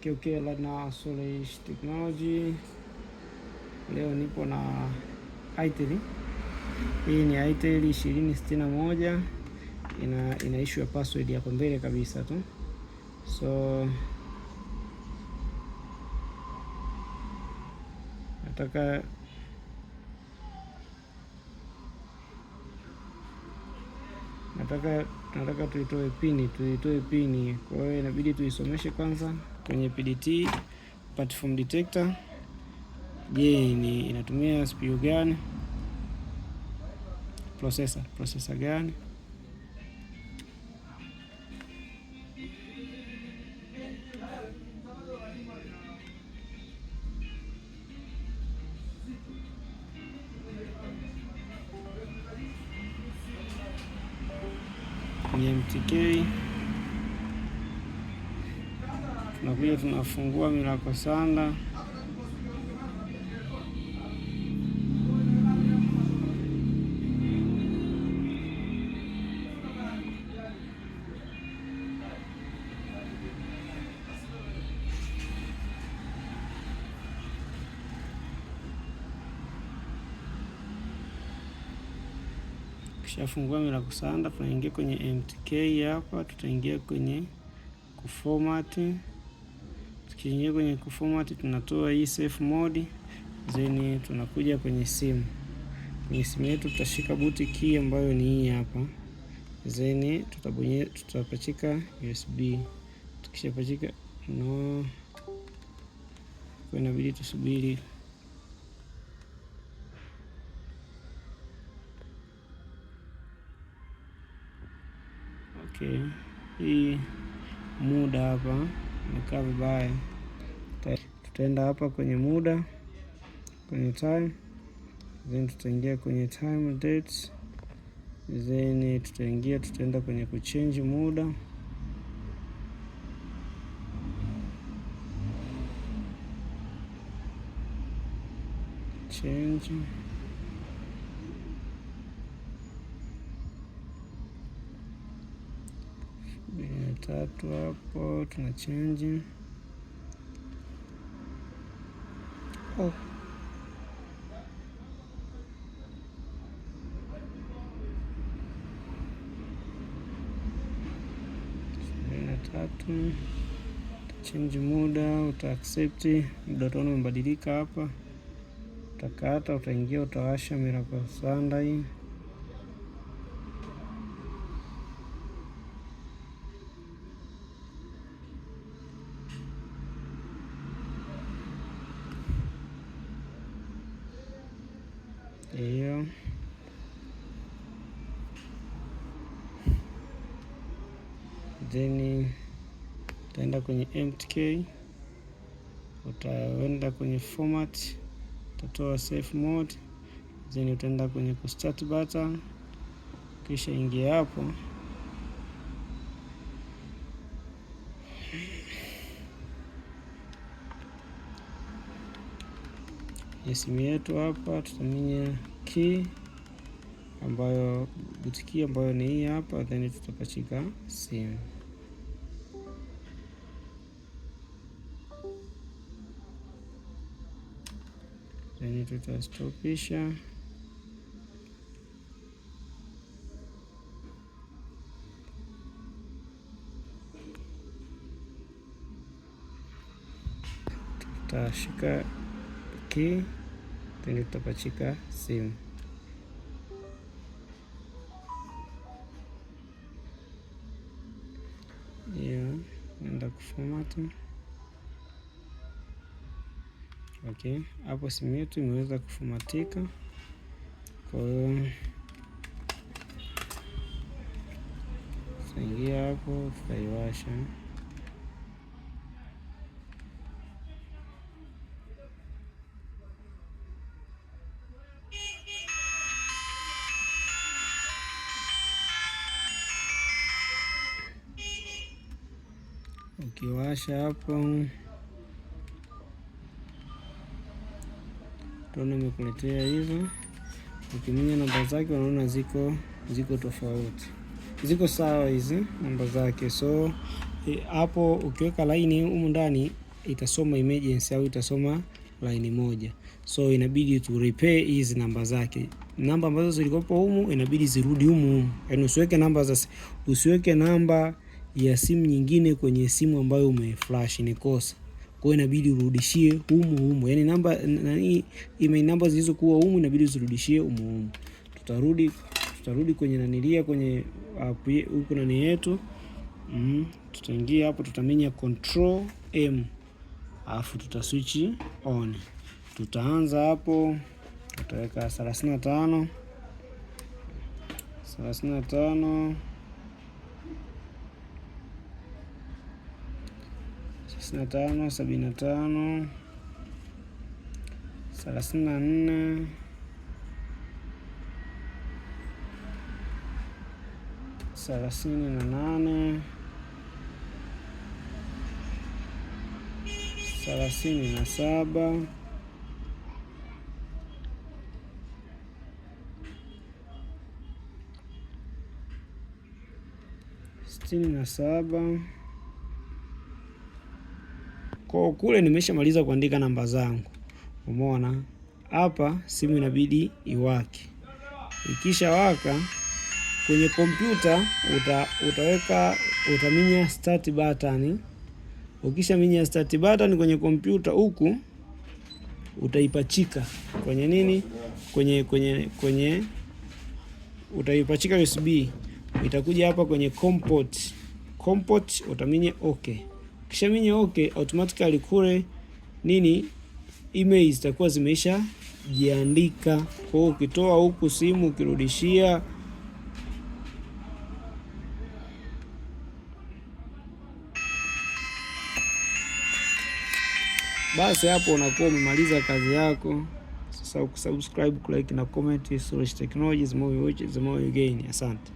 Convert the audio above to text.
Kiukela na Soleil Technology. Leo nipo na Itel. Hii ni Itel 2061 ina, ina issue ya password yako mbele kabisa tu, so nataka nataka nataka tuitoe pini, tuitoe pini. Kwa hiyo inabidi tuisomeshe kwanza kwenye PDT platform detector. Je, ni inatumia CPU gani? Processor, processor gani? MTK tunakuja tunafungua Miracle Sanda Tukishafungua Miracle Sanda tunaingia kwenye MTK hapa, tutaingia kwenye kuformati tukiingia kwenye kuformat tunatoa hii safe mode, then tunakuja kwenye simu. Kwenye simu yetu tutashika boot key ambayo ni hii hapa, then tutabonye, tutapachika USB. Tukishapachika no, kwa inabidi tusubiri okay, hii muda hapa imekaa vibaya. Tutaenda hapa kwenye muda, kwenye time, then tutaingia kwenye time date, then tutaingia, tutaenda kwenye kuchange muda change tatu hapo tuna change oh. tatu change muda, uta accept muda, utaona umebadilika hapa, utakata, utaingia, utawasha mira kwa then utaenda kwenye mtk, utaenda kwenye format, utatoa safe mode, then utaenda kwenye start button, kisha ingia hapo ya simu yetu hapa, tutaminya key ambayo butiki ambayo ni hii hapa, then tutapachika simu. then yaani tutastopisha tutashika key then tutapachika simu hiyo, yeah, naenda kuformat Okay, hapo simu yetu imeweza kufumatika. Kwa hiyo saingia hapo, tutaiwasha ukiwasha hapo tuone imekuletea hizo. Ukiminya namba zake unaona ziko ziko tofauti, ziko sawa hizi namba zake. So eh, hapo ukiweka laini humu ndani itasoma emergency au itasoma laini moja, so inabidi tu replay hizi namba zake, namba ambazo zilikopo humu inabidi zirudi humu humu, yaani usiweke namba za usiweke namba ya simu nyingine kwenye simu ambayo umeflash, ni kosa kwa hiyo inabidi urudishie humu humu, yani namba nani email namba zilizokuwa humu inabidi uzirudishie humu humu. Tutarudi tutarudi kwenye nanilia kwenye huko nani yetu mm, tutaingia hapo, tutamenya control m alafu switch on. Tutaanza hapo, tutaweka 35 35 hamsini na tano sabini na tano thelathini na nne thelathini na nane thelathini na saba sitini na saba kwa kule nimeshamaliza kuandika namba zangu. Umeona? Hapa simu inabidi iwake. Ikisha waka kwenye kompyuta uta, utaweka utaminya start button. Ukisha minya start button kwenye kompyuta huku utaipachika kwenye nini? Kwenye kwenye kwenye utaipachika USB. Itakuja hapa kwenye comport. Comport utaminya okay. Kisha minya okay, automatically kule nini email zitakuwa zimeisha jiandika. Kwa hiyo ukitoa huku simu ukirudishia basi hapo unakuwa umemaliza kazi yako. Sasa ukusubscribe, kulike na comment. Suresh Technologies, more watches, the more you gain. Asante.